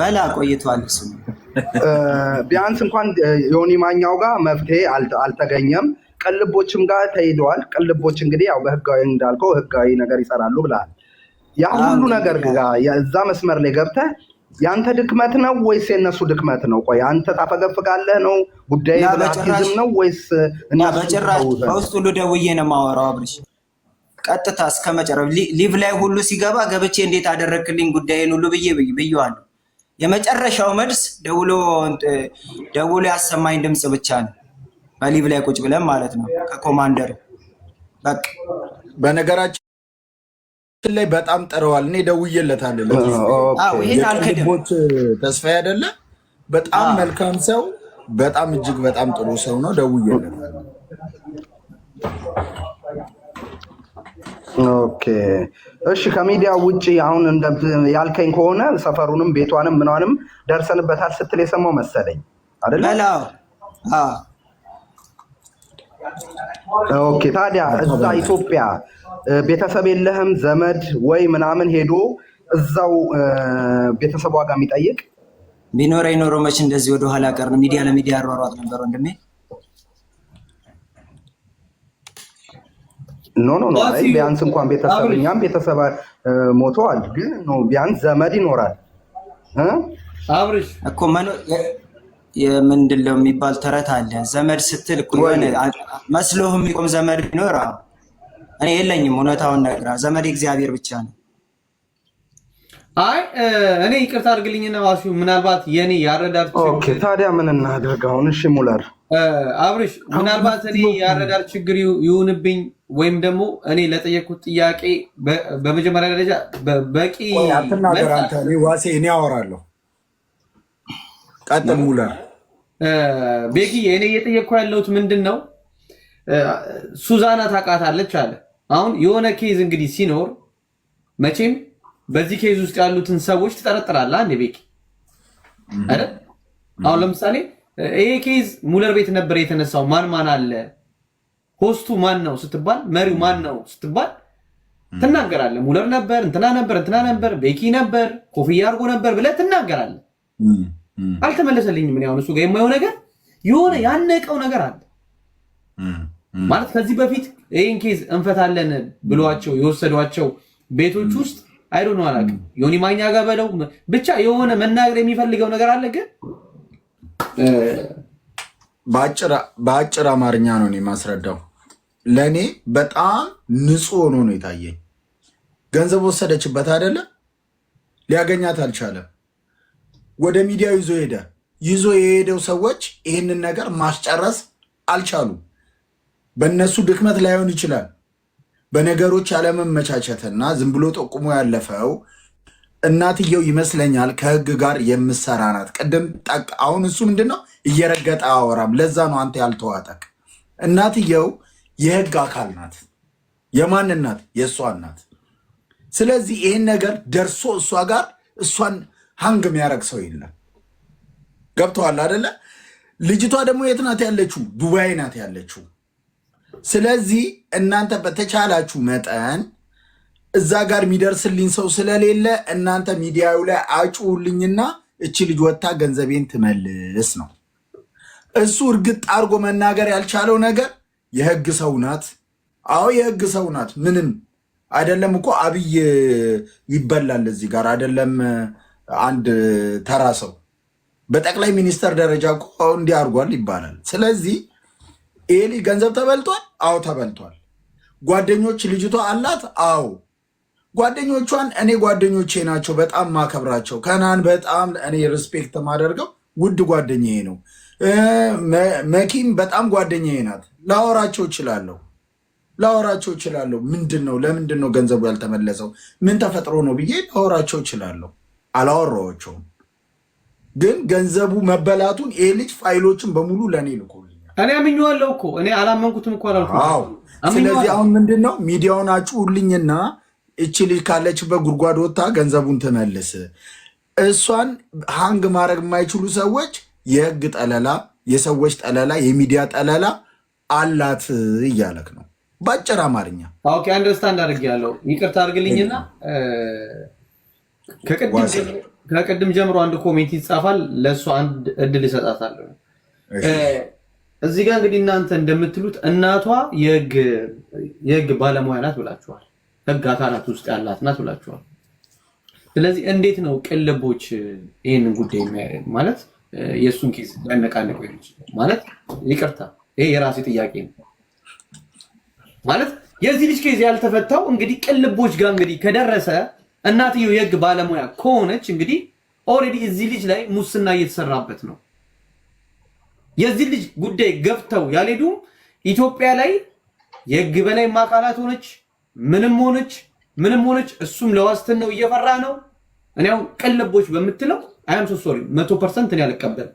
በላ ቆይቷል። ቢያንስ እንኳን ዮኒ ማኛው ጋር መፍትሄ አልተገኘም። ቅልቦችም ጋር ተሄደዋል። ቅልቦች እንግዲህ ያው በህጋዊ እንዳልከው ህጋዊ ነገር ይሰራሉ ብለሃል። ያ ሁሉ ነገር ጋር እዛ መስመር ላይ ገብተህ የአንተ ድክመት ነው ወይስ የእነሱ ድክመት ነው? ቆይ አንተ ታፈገፍጋለህ ነው ጉዳይ ብላቲዝም ነው ወይስ በጭራሽ በውስጥ ሁሉ ደውዬ ነው የማወራው አብርሽ ቀጥታ እስከ መጨረሻ ሊቭ ላይ ሁሉ ሲገባ ገብቼ እንዴት አደረክልኝ ጉዳይን ሁሉ ብዬ ብዬዋለሁ። የመጨረሻው መልስ ደውሎ ደውሎ ያሰማኝ ድምፅ ብቻ ነው። በሊቭ ላይ ቁጭ ብለን ማለት ነው ከኮማንደሩ በቃ በነገራችን ላይ በጣም ጥረዋል። እኔ ደውዬለታለሁ። ይህን ተስፋ ያደለ በጣም መልካም ሰው፣ በጣም እጅግ በጣም ጥሩ ሰው ነው። ደውዬለታለሁ። ኦኬ እሺ ከሚዲያ ውጭ አሁን ያልከኝ ከሆነ ሰፈሩንም ቤቷንም ምኗንም ደርሰንበታል ስትል የሰማው መሰለኝ አይደለ? ኦኬ። ታዲያ እዛ ኢትዮጵያ ቤተሰብ የለህም ዘመድ ወይ ምናምን ሄዶ እዛው ቤተሰብ ዋጋ የሚጠይቅ ቢኖረ ይኖረ መች እንደዚህ ወደኋላ ቀር ሚዲያ ለሚዲያ አሯሯጥ ነበር ወንድሜ። ኖ ኖ ኖ አይ ቢያንስ እንኳን ቤተሰብ እኛም ቤተሰብ ሞቶ አለ፣ ግን ኖ ቢያንስ ዘመድ ይኖራል አብርሽ እኮ ምንድን ነው የሚባል ተረት አለ። ዘመድ ስትል መስሎህ የሚቆም ዘመድ ቢኖር እኔ የለኝም። እውነታውን ነግራ ዘመድ እግዚአብሔር ብቻ ነው። አይ እኔ ይቅርታ አድርግልኝና ዋሱ ምናልባት የኔ ኦኬ፣ ታዲያ ምን እናድርግ አሁን? እሺ ሙለር አብርሽ ምናልባት እኔ ያረዳድ ችግር ይሁንብኝ ወይም ደግሞ እኔ ለጠየኩት ጥያቄ በመጀመሪያ ደረጃ በቂ ዋሴ እኔ አወራለሁ። ቀጥል ሙለ ቤኪ እኔ እየጠየቅኩ ያለሁት ምንድን ነው፣ ሱዛና ታውቃታለች አለ። አሁን የሆነ ኬዝ እንግዲህ ሲኖር መቼም በዚህ ኬዝ ውስጥ ያሉትን ሰዎች ትጠረጥራለህ። አንዴ ቤቂ አይደል? አሁን ለምሳሌ ይሄ ኬዝ ሙለር ቤት ነበር የተነሳው። ማን ማን አለ ሆስቱ ማን ነው ስትባል፣ መሪው ማን ነው ስትባል ትናገራለህ። ሙለር ነበር፣ እንትና ነበር፣ እንትና ነበር፣ ቤኪ ነበር፣ ኮፍያ አድርጎ ነበር ብለህ ትናገራለህ። አልተመለሰልኝም። ምን ያሁን እሱ ጋር የማየው ነገር የሆነ ያነቀው ነገር አለ ማለት ከዚህ በፊት ይህን ኬዝ እንፈታለን ብሏቸው የወሰዷቸው ቤቶች ውስጥ አይዶ ነው አላውቅም። ዮኒ ማኛ ጋር በለው ብቻ የሆነ መናገር የሚፈልገው ነገር አለ ግን በአጭር አማርኛ ነው እኔ ማስረዳው ለእኔ በጣም ንጹህ ሆኖ ነው የታየኝ። ገንዘብ ወሰደችበት አይደለም ሊያገኛት አልቻለም። ወደ ሚዲያው ይዞ ሄደ። ይዞ የሄደው ሰዎች ይህንን ነገር ማስጨረስ አልቻሉም። በእነሱ ድክመት ላይሆን ይችላል። በነገሮች ያለመመቻቸትና ዝም ብሎ ጠቁሞ ያለፈው እናትየው ይመስለኛል ከህግ ጋር የምሰራ ናት። ቅድም ጠቅ አሁን እሱ ምንድን ነው እየረገጠ አወራም። ለዛ ነው አንተ ያልተዋጠቅ እናትየው የህግ አካል ናት። የማን ናት? የእሷን ናት። ስለዚህ ይህን ነገር ደርሶ እሷ ጋር እሷን ሀንግ የሚያደርግ ሰው የለም። ገብተዋል አደለ? ልጅቷ ደግሞ የት ናት ያለችው? ዱባይ ናት ያለችው። ስለዚህ እናንተ በተቻላችሁ መጠን እዛ ጋር የሚደርስልኝ ሰው ስለሌለ እናንተ ሚዲያው ላይ አጩውልኝና እቺ ልጅ ወታ ገንዘቤን ትመልስ ነው። እሱ እርግጥ አድርጎ መናገር ያልቻለው ነገር የህግ ሰው ናት። አዎ የህግ ሰው ናት። ምንም አይደለም እኮ አብይ ይበላል እዚህ ጋር አይደለም። አንድ ተራ ሰው በጠቅላይ ሚኒስተር ደረጃ እኮ እንዲህ አድርጓል ይባላል። ስለዚህ ኤሊ ገንዘብ ተበልቷል። አዎ ተበልቷል። ጓደኞች ልጅቷ አላት። አዎ ጓደኞቿን እኔ ጓደኞቼ ናቸው፣ በጣም ማከብራቸው። ከናን በጣም እኔ ሪስፔክት ማደርገው ውድ ጓደኛዬ ነው። መኪም በጣም ጓደኛዬ ናት። ላወራቸው እችላለሁ ላወራቸው እችላለሁ። ምንድን ነው ለምንድን ነው ገንዘቡ ያልተመለሰው ምን ተፈጥሮ ነው ብዬ ላወራቸው እችላለሁ። አላወራዎቸውም፣ ግን ገንዘቡ መበላቱን ይሄ ልጅ ፋይሎችን በሙሉ ለእኔ ልኮልኛል። እኔ አምኜዋለሁ እኮ እኔ አላመንኩትም እኮ ስለዚህ አሁን ምንድን ነው ሚዲያውን አጩሁልኝና እቺ ልጅ ካለችበት ጉድጓድ ወጥታ ገንዘቡን ትመልስ። እሷን ሀንግ ማድረግ የማይችሉ ሰዎች የህግ ጠለላ፣ የሰዎች ጠለላ፣ የሚዲያ ጠለላ አላት እያለክ ነው በአጭር አማርኛ። ኦኬ አንደርስታንድ አድርጌያለሁ። ይቅርታ አድርግልኝና ከቅድም ጀምሮ አንድ ኮሜንት ይጻፋል፣ ለእሱ አንድ እድል ይሰጣታለሁ። እዚህ ጋር እንግዲህ እናንተ እንደምትሉት እናቷ የህግ ባለሙያ ናት ብላችኋል፣ ህግ አካላት ውስጥ ያላት ናት ብላችኋል። ስለዚህ እንዴት ነው ቅልቦች ይህንን ጉዳይ ማለት የእሱን ኬዝ ሊያነቃንቀው ማለት ይቅርታ፣ ይሄ የራሴ ጥያቄ ነው ማለት የዚህ ልጅ ኬዝ ያልተፈታው እንግዲህ ቅልቦች ጋር እንግዲህ ከደረሰ እናትየው የህግ ባለሙያ ከሆነች እንግዲህ ኦልሬዲ እዚህ ልጅ ላይ ሙስና እየተሰራበት ነው። የዚህ ልጅ ጉዳይ ገብተው ያልሄዱም ኢትዮጵያ ላይ የህግ በላይ ማቃላት ሆነች ምንም ሆነች ምንም ሆነች እሱም ለዋስትናው እየፈራ ነው። እኔ አሁን ቅልቦች በምትለው አይ አም ሶ ሶሪ መቶ ፐርሰንት እኔ አልቀበልም።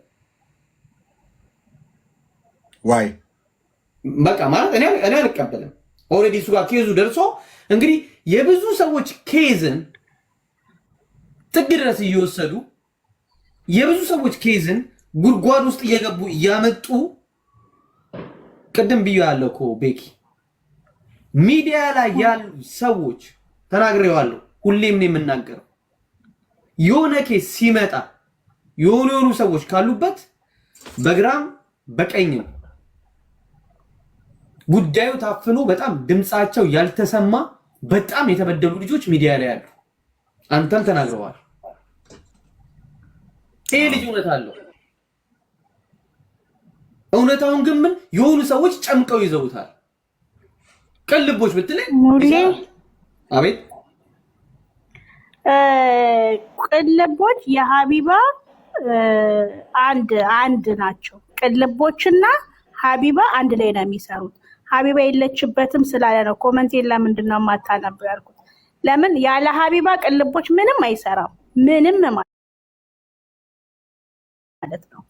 ዋይ በቃ ማለት እኔ አልቀበልም። ኦልሬዲ እሱ ጋር ኬዙ ደርሶ እንግዲህ የብዙ ሰዎች ኬዝን ጥግ ድረስ እየወሰዱ የብዙ ሰዎች ኬዝን ጉድጓድ ውስጥ እየገቡ እያመጡ ቅድም ብዬ ያለው እኮ ቤኪ ሚዲያ ላይ ያሉ ሰዎች ተናግሬዋለሁ። ሁሌም ነው የምናገረው የሆነ ኬስ ሲመጣ የሆኑ የሆኑ ሰዎች ካሉበት በግራም በቀኝም ጉዳዩ ታፍኖ በጣም ድምፃቸው ያልተሰማ በጣም የተበደሉ ልጆች ሚዲያ ላይ አሉ። አንተም ተናግረዋል። ይህ ልጅ እውነት አለው። እውነታውን ግን ምን የሆኑ ሰዎች ጨምቀው ይዘውታል። ቅልቦች ብትለኝ አቤት ቅልቦች የሀቢባ አንድ አንድ ናቸው። ቅልቦችና ሀቢባ አንድ ላይ ነው የሚሰሩት። ሀቢባ የለችበትም ስላለ ነው ኮመንቴን ለምንድን ነው የማታነበው ያልኩት። ለምን ያለ ሀቢባ ቅልቦች ምንም አይሰራም። ምንም ማለት ነው።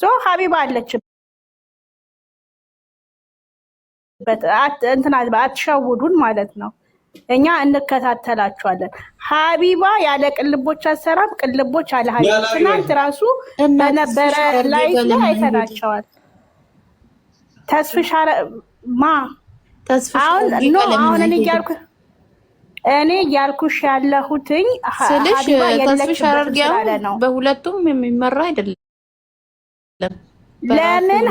ሶ ሀቢባ አለችበት እንትና አትሸውዱን ማለት ነው። እኛ እንከታተላቸዋለን። ሀቢባ ያለ ቅልቦች አሰራም፣ ቅልቦች አለ ሀቢባ። ትናንት ራሱ በነበረ ላይ አይተናቸዋል። ተስፍሻ ማ አሁን ኖ አሁን እኔ እያልኩ እኔ እያልኩሽ ያለሁትኝ ስልሽ ተስፍሻ አረርጌ ነው። በሁለቱም የሚመራ አይደለም ለምን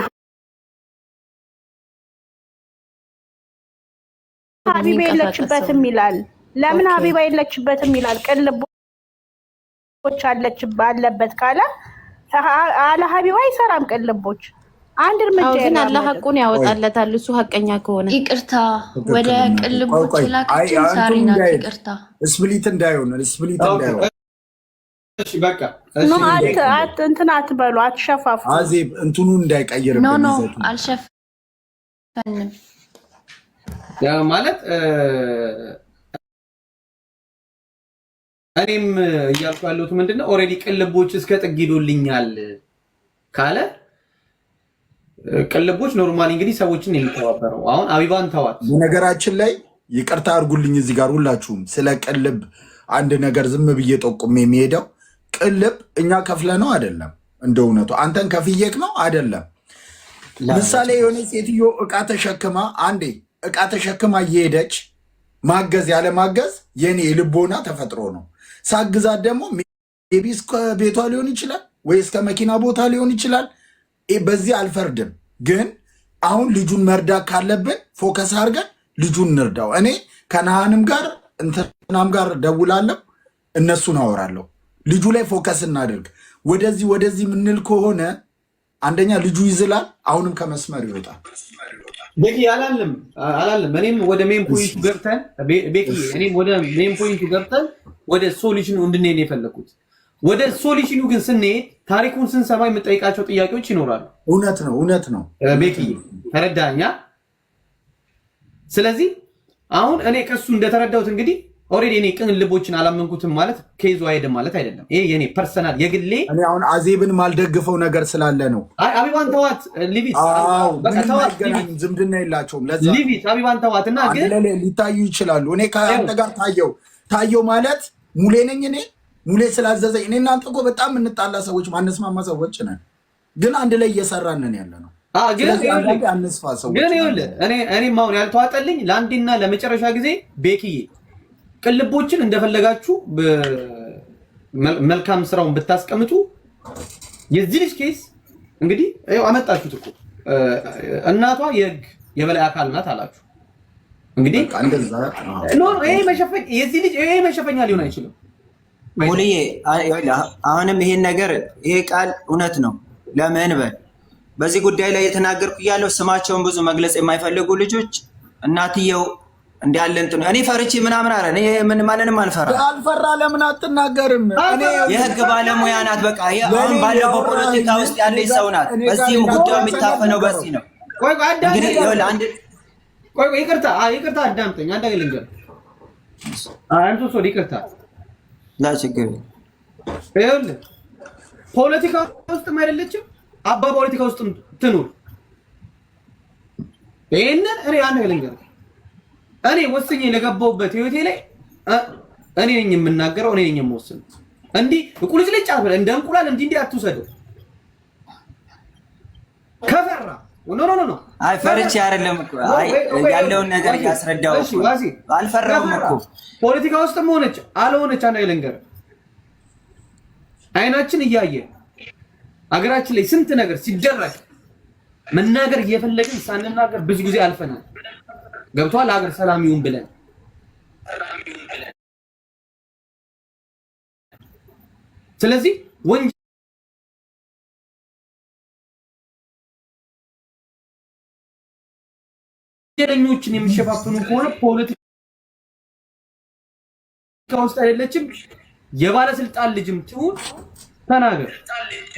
ሀቢባ የለችበትም ይላል። ለምን ሀቢባ የለችበትም ይላል። ቅልቦች አለች አለበት ካለ አለ ሀቢባ አይሰራም። ቅልቦች አንድ እርምጃ ግን አለ ሀቁን ያወጣለታል። እሱ ሀቀኛ ከሆነ ይቅርታ፣ ወደ ቅልቦች ላከችን ሳሪ ይቅርታ ስፕሊት እንዳይሆን ስፕሊት እንዳይሆን እንትን አትበሉ፣ አትሸፋፉ። አዜብ እንትኑ እንዳይቀይር ኖ ኖ አልሸፈንም ማለት እኔም እያልኩ ያለሁት ምንድነው ኦልሬዲ ቅልቦች እስከ ጥግ ሄዶልኛል ካለ ቅልቦች ኖርማሊ እንግዲህ ሰዎችን የሚተባበረው አሁን አቢባን ተዋት። በነገራችን ላይ ይቅርታ አድርጉልኝ እዚህ ጋር ሁላችሁም ስለ ቅልብ አንድ ነገር ዝም ብዬ ጠቁሜ የሚሄደው ቅልብ እኛ ከፍለ ነው አይደለም፣ እንደ እውነቱ አንተን ከፍየክ ነው አይደለም። ምሳሌ የሆነ ሴትዮ እቃ ተሸክማ አንዴ እቃ ተሸክማ እየሄደች ማገዝ ያለ ማገዝ የኔ የልቦና ተፈጥሮ ነው። ሳግዛት ደግሞ ቢ እስከ ቤቷ ሊሆን ይችላል ወይ እስከ መኪና ቦታ ሊሆን ይችላል። በዚህ አልፈርድም። ግን አሁን ልጁን መርዳት ካለብን ፎከስ አድርገን ልጁን እንርዳው። እኔ ከነሃንም ጋር እንትናም ጋር ደውላለሁ፣ እነሱን አወራለሁ። ልጁ ላይ ፎከስ እናደርግ ወደዚህ ወደዚህ ምንል ከሆነ አንደኛ ልጁ ይዝላል፣ አሁንም ከመስመር ይወጣል። ቤኪ አላለም አላለም። እኔም ወደ ሜን ፖይንቱ ገብተን ቤኪ እኔም ወደ ሜን ፖይንቱ ገብተን ወደ ሶሉሽኑ እንድንሄድ የፈለኩት። ወደ ሶሉሽኑ ግን ስንሄድ ታሪኩን ስንሰማ የምጠይቃቸው ጥያቄዎች ይኖራሉ። እውነት ነው እውነት ነው ቤኪ ተረዳኛ። ስለዚህ አሁን እኔ ከሱ እንደተረዳሁት እንግዲህ ኦልሬዲ እኔ ቅን ልቦችን አላመንኩትም ማለት ከይዞ አይሄድም ማለት አይደለም። ይሄ የኔ ፐርሰናል የግሌ እኔ አሁን አዜብን ማልደግፈው ነገር ስላለ ነው። አቢባን ተዋት፣ ሊቪት ዝምድና የላቸውም። ለዛ ሊቪት አቢባን ተዋት እና ግን ሊታዩ ይችላሉ። እኔ ከአንተ ጋር ታየው ታየው ማለት ሙሌ ነኝ እኔ ሙሌ ስላዘዘኝ እኔ እናንተ እኮ በጣም እንጣላ ሰዎች፣ ማነስማማ ሰዎች ነን፣ ግን አንድ ላይ እየሰራንን ያለ ነው ግን ይኸውልህ እኔ አሁን ያልተዋጠልኝ ለአንዴና ለመጨረሻ ጊዜ ቤክዬ ቅልቦችን እንደፈለጋችሁ መልካም ስራውን ብታስቀምጡ የዚህ ልጅ ኬስ እንግዲህ አመጣችሁት እኮ እናቷ የህግ የበላይ አካል ናት አላችሁ። እንግዲህ መሸፈኛ ሊሆን አይችልም። ሙልዬ አሁንም ይሄን ነገር ይሄ ቃል እውነት ነው። ለምን በል በዚህ ጉዳይ ላይ የተናገርኩ እያለው ስማቸውን ብዙ መግለጽ የማይፈልጉ ልጆች እናትየው እንዲያለን ጥኑ እኔ ፈርቼ ምናምን አለ። እኔ ምን ማንንም አልፈራ አልፈራ። ለምን አትናገርም? እኔ የህግ ባለሙያ ናት። በቃ አሁን ባለው በፖለቲካ ውስጥ ያለች ሰው ናት። በዚህም ጉዳዩ የሚታፈነው በዚህ ነው። ቆይ እንግዲህ ይኸውልህ ቆይ ቆይ፣ ይቅርታ ይቅርታ፣ አዳምጠኝ። አንድ ነገር ልንገርህ። አንቱ ሶሪ፣ ይቅርታ። ችግር ይኸውልህ፣ ፖለቲካ ውስጥም አይደለችም። አባ ፖለቲካ ውስጥም ትኑር። ይሄንን እኔ አንድ ነገር ልንገርህ እኔ ወስኜ ለገባሁበት ህይወቴ ላይ እኔ ነኝ የምናገረው፣ እኔ ነኝ የምወስነው። እንዲህ ቁልጭልጭ አትበል፣ እንደ እንቁላል እንዲህ እንዲህ አትውሰደው። ከፈራ ኖ ኖ ኖ፣ አይ ፈርቼ አይደለም እኮ አይ ያለውን ነገር ያስረዳው። እሺ ዋሲ አልፈራሁም እኮ ፖለቲካ ውስጥም ሆነች አልሆነች አንድ ልንገርህ፣ አይናችን እያየ አገራችን ላይ ስንት ነገር ሲደረግ መናገር እየፈለግን ሳንናገር ብዙ ጊዜ አልፈናል። ገብቷል። አገር ሰላም ይሁን ብለን ስለዚህ ወንጀለኞችን የሚሸፋፍኑ ከሆነ ፖለቲካ ውስጥ አይደለችም። የባለስልጣን ልጅም ትሁን ተናገር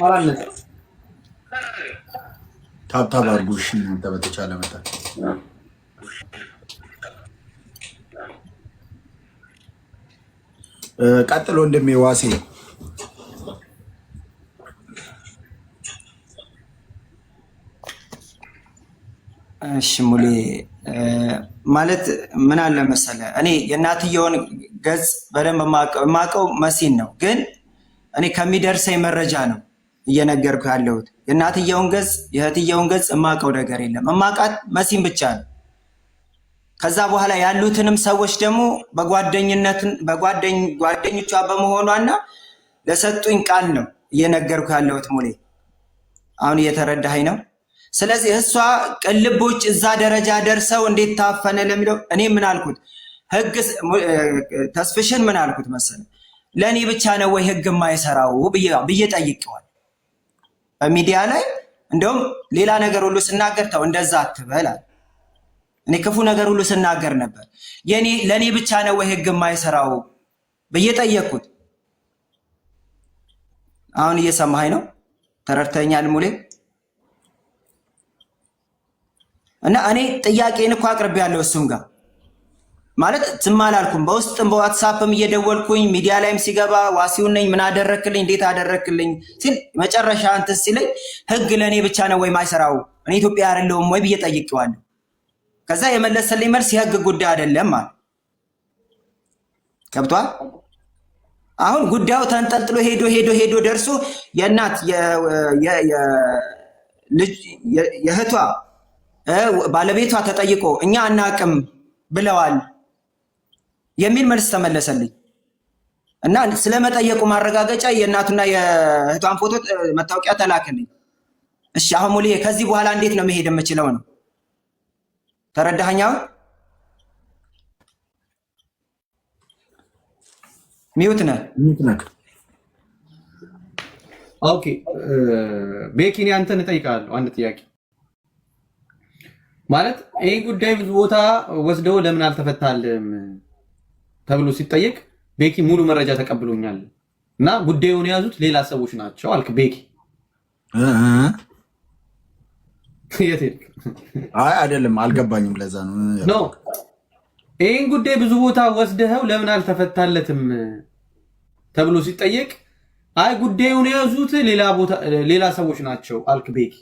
አላነት ታብታብ አድርጉ። እናንተ በተቻለ መጣ ቀጥሎ እንደሚዋሴ እሺ ሙሌ ማለት ምን አለ መሰለ፣ እኔ የእናትየውን ገጽ በደንብ የማውቀው መሲን ነው፣ ግን እኔ ከሚደርሰኝ መረጃ ነው እየነገርኩ ያለሁት። የእናትየውን ገጽ የእህትየውን ገጽ የማውቀው ነገር የለም። የማውቃት መሲን ብቻ ነው። ከዛ በኋላ ያሉትንም ሰዎች ደግሞ በጓደኝነትን ጓደኞቿ በመሆኗና ለሰጡኝ ቃል ነው እየነገርኩ ያለሁት። ሙሌ አሁን እየተረዳኸኝ ነው? ስለዚህ እሷ ቅልቦች እዛ ደረጃ ደርሰው እንዴት ታፈነ ለሚለው እኔ ምን አልኩት፣ ህግ ተስፍሽን ምን አልኩት መሰለ ለእኔ ብቻ ነው ወይ ህግ የማይሰራው ብዬ ጠይቀዋል በሚዲያ ላይ። እንደውም ሌላ ነገር ሁሉ ስናገር ተው እንደዛ አትበላል እኔ ክፉ ነገር ሁሉ ስናገር ነበር። ለእኔ ብቻ ነው ወይ ህግ የማይሰራው ብዬ ጠየቅኩት። አሁን እየሰማኸኝ ነው? ተረድተኛል ሙሌ? እና እኔ ጥያቄን እኮ አቅርብ ያለው እሱም ጋር ማለት ዝም አላልኩም። በውስጥም በዋትሳፕም እየደወልኩኝ ሚዲያ ላይም ሲገባ ዋሲውን ነኝ ምን አደረክልኝ እንዴት አደረክልኝ ሲል መጨረሻ እንትን ሲለኝ ህግ ለእኔ ብቻ ነው ወይ ማይሰራው እኔ ኢትዮጵያ አይደለሁም ወይ ብዬ ጠይቄዋለሁ። ከዛ የመለሰልኝ መልስ የህግ ጉዳይ አይደለም አለ። ገብቷል። አሁን ጉዳዩ ተንጠልጥሎ ሄዶ ሄዶ ሄዶ ደርሶ የእናት የእህቷ ባለቤቷ ተጠይቆ እኛ አናቅም ብለዋል የሚል መልስ ተመለሰልኝ እና ስለመጠየቁ ማረጋገጫ የእናቱና የእህቷን ፎቶ መታወቂያ ተላከልኝ። እሺ አሁን ሙሉ ከዚህ በኋላ እንዴት ነው መሄድ የምችለው ነው ተረዳኸኛው? ሚዩት ነህ ኦኬ። ቤኪን አንተን እጠይቃለሁ አንድ ጥያቄ ማለት ይህ ጉዳይ ብዙ ቦታ ወስደው ለምን አልተፈታልም ተብሎ ሲጠየቅ ቤኪ ሙሉ መረጃ ተቀብሎኛል እና ጉዳዩን የያዙት ሌላ ሰዎች ናቸው አልክ ቤኪ የት ሄድክ? አይ አይደለም፣ አልገባኝም። ለዛ ነው ይህን ጉዳይ ብዙ ቦታ ወስደኸው ለምን አልተፈታለትም ተብሎ ሲጠየቅ አይ ጉዳዩን የያዙት ሌላ ሰዎች ናቸው አልክ። ቤኪ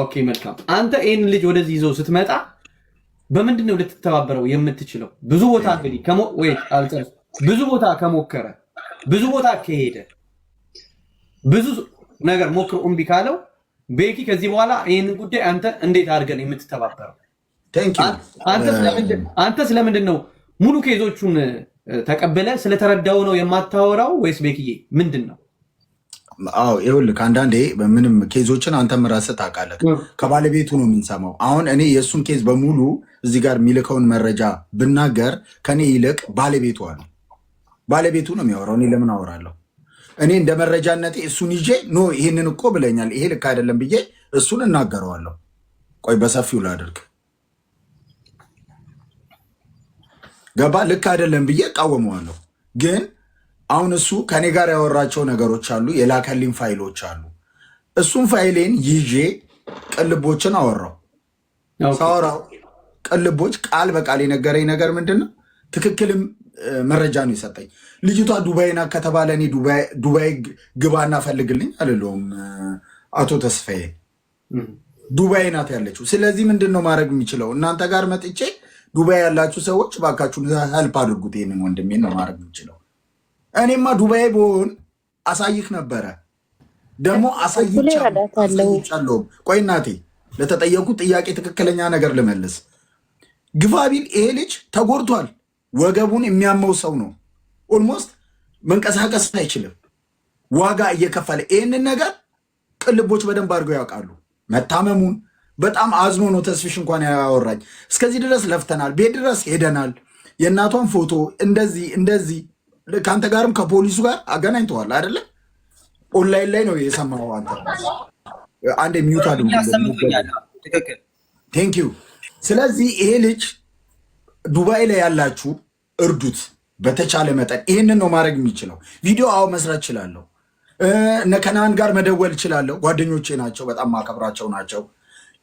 ኦኬ፣ መልካም። አንተ ይህን ልጅ ወደዚህ ይዘው ስትመጣ በምንድን ነው ልትተባበረው የምትችለው? ብዙ ቦታ እንግዲህ ብዙ ቦታ ከሞከረ ብዙ ቦታ ከሄደ ብዙ ነገር ሞክሮ እምቢ ካለው ቤኪ ከዚህ በኋላ ይህንን ጉዳይ አንተ እንዴት አድርገን የምትተባበረው? አንተ uh, ስለምንድን ነው ሙሉ ኬዞቹን uh, ተቀብለ ስለተረዳው ነው የማታወራው ወይስ ቤኪዬ ምንድን ነው? አዎ ይኸውልህ፣ አንዳንዴ ምንም ኬዞችን አንተም ራስህ ታውቃለህ። ከባለቤቱ ነው የምንሰማው። አሁን እኔ የእሱን ኬዝ በሙሉ እዚህ ጋር የሚልከውን መረጃ ብናገር ከኔ ይልቅ ባለቤቷ ነው ባለቤቱ ነው የሚያወራው። እኔ ለምን አወራለሁ? እኔ እንደ መረጃነቴ እሱን ይዤ ኖ ይህንን እኮ ብለኛል፣ ይሄ ልክ አይደለም ብዬ እሱን እናገረዋለሁ። ቆይ በሰፊው ላደርግ ገባ ልክ አይደለም ብዬ እቃወመዋለሁ። ግን አሁን እሱ ከኔ ጋር ያወራቸው ነገሮች አሉ፣ የላከልኝ ፋይሎች አሉ። እሱን ፋይሌን ይዤ ቅልቦችን አወራው። ሳወራው ቅልቦች ቃል በቃል የነገረኝ ነገር ምንድን ነው ትክክልም መረጃ ነው የሰጠኝ። ልጅቷ ዱባይ ናት ከተባለ እኔ ዱባይ ግባ እናፈልግልኝ አልለውም አቶ ተስፋዬ ዱባይ ናት ያለችው። ስለዚህ ምንድን ነው ማድረግ የሚችለው? እናንተ ጋር መጥቼ ዱባይ ያላችሁ ሰዎች ባካችሁን ሀልፕ አድርጉት፣ ይህንን ወንድሜን ነው ማድረግ የሚችለው። እኔማ ዱባይ በሆን አሳይክ ነበረ። ደግሞ አሳይቻለሁም። ቆይ እናቴ ለተጠየቁት ጥያቄ ትክክለኛ ነገር ልመልስ። ግፋቢል ይሄ ልጅ ተጎድቷል። ወገቡን የሚያመው ሰው ነው። ኦልሞስት መንቀሳቀስ አይችልም፣ ዋጋ እየከፈለ ይህንን ነገር ቅልቦች በደንብ አድርገው ያውቃሉ። መታመሙን በጣም አዝኖ ነው ተስፊሽ እንኳን ያወራኝ። እስከዚህ ድረስ ለፍተናል፣ ቤት ድረስ ሄደናል። የእናቷን ፎቶ እንደዚህ እንደዚህ ከአንተ ጋርም ከፖሊሱ ጋር አገናኝተዋል አይደለ? ኦንላይን ላይ ነው የሰማው። አንተ አንድ ሚዩት አድርጉ። ስለዚህ ይሄ ልጅ ዱባይ ላይ ያላችሁ እርዱት በተቻለ መጠን። ይህንን ነው ማድረግ የሚችለው። ቪዲዮ አዎ መስራት እችላለሁ። እነ ከነአን ጋር መደወል እችላለሁ። ጓደኞቼ ናቸው፣ በጣም ማከብራቸው ናቸው።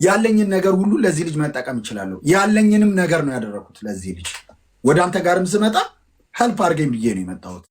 ያለኝን ነገር ሁሉ ለዚህ ልጅ መጠቀም እችላለሁ። ያለኝንም ነገር ነው ያደረኩት ለዚህ ልጅ። ወደ አንተ ጋርም ስመጣ ሄልፕ አድርገኝ ብዬ ነው የመጣሁት።